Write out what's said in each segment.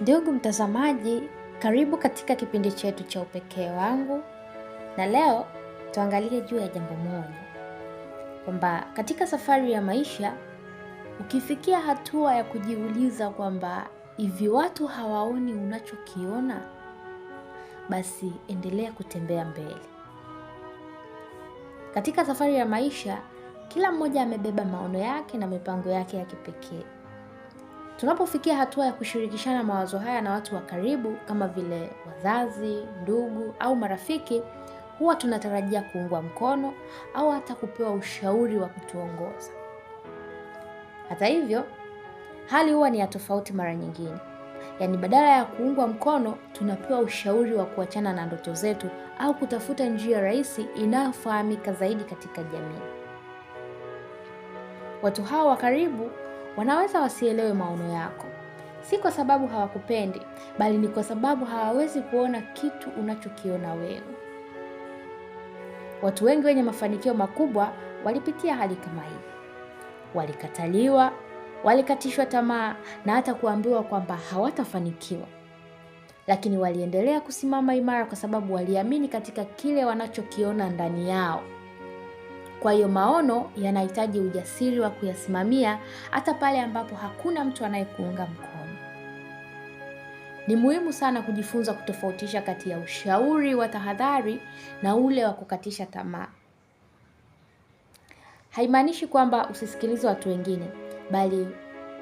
Ndugu mtazamaji, karibu katika kipindi chetu cha Upekee wangu, na leo tuangalie juu ya jambo moja, kwamba katika safari ya maisha, ukifikia hatua ya kujiuliza kwamba hivi watu hawaoni unachokiona, basi endelea kutembea mbele. Katika safari ya maisha, kila mmoja amebeba maono yake na mipango yake ya kipekee Tunapofikia hatua ya kushirikishana mawazo haya na watu wa karibu kama vile wazazi, ndugu au marafiki, huwa tunatarajia kuungwa mkono au hata kupewa ushauri wa kutuongoza. Hata hivyo, hali huwa ni ya tofauti mara nyingine, yaani badala ya kuungwa mkono tunapewa ushauri wa kuachana na ndoto zetu au kutafuta njia rahisi inayofahamika zaidi katika jamii. Watu hawa wa karibu wanaweza wasielewe maono yako, si kwa sababu hawakupendi, bali ni kwa sababu hawawezi kuona kitu unachokiona wewe. Watu wengi wenye mafanikio makubwa walipitia hali kama hii. Walikataliwa, walikatishwa tamaa na hata kuambiwa kwamba hawatafanikiwa, lakini waliendelea kusimama imara kwa sababu waliamini katika kile wanachokiona ndani yao. Kwa hiyo maono yanahitaji ujasiri wa kuyasimamia hata pale ambapo hakuna mtu anayekuunga mkono. Ni muhimu sana kujifunza kutofautisha kati ya ushauri wa tahadhari na ule wa kukatisha tamaa. Haimaanishi kwamba usisikilize watu wengine, bali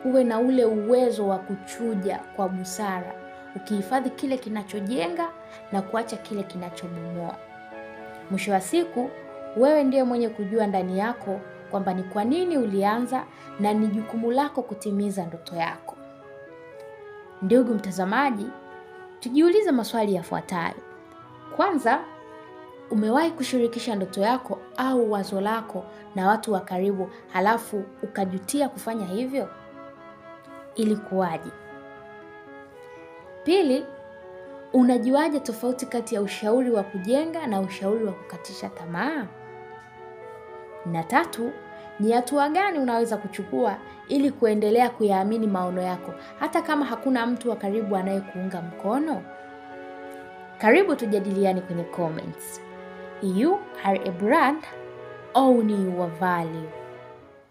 uwe na ule uwezo wa kuchuja kwa busara, ukihifadhi kile kinachojenga na kuacha kile kinachobomoa. Mwisho wa siku wewe ndiye mwenye kujua ndani yako kwamba ni kwa nini ulianza na ni jukumu lako kutimiza ndoto yako. Ndugu mtazamaji, tujiulize maswali yafuatayo. Kwanza, umewahi kushirikisha ndoto yako au wazo lako na watu wa karibu halafu ukajutia kufanya hivyo? Ilikuwaje? Pili, unajuaje tofauti kati ya ushauri wa kujenga na ushauri wa kukatisha tamaa? Na tatu, ni hatua gani unaweza kuchukua ili kuendelea kuyaamini maono yako hata kama hakuna mtu wa karibu anayekuunga mkono? Karibu tujadiliane kwenye comments. You are a brand, own your value.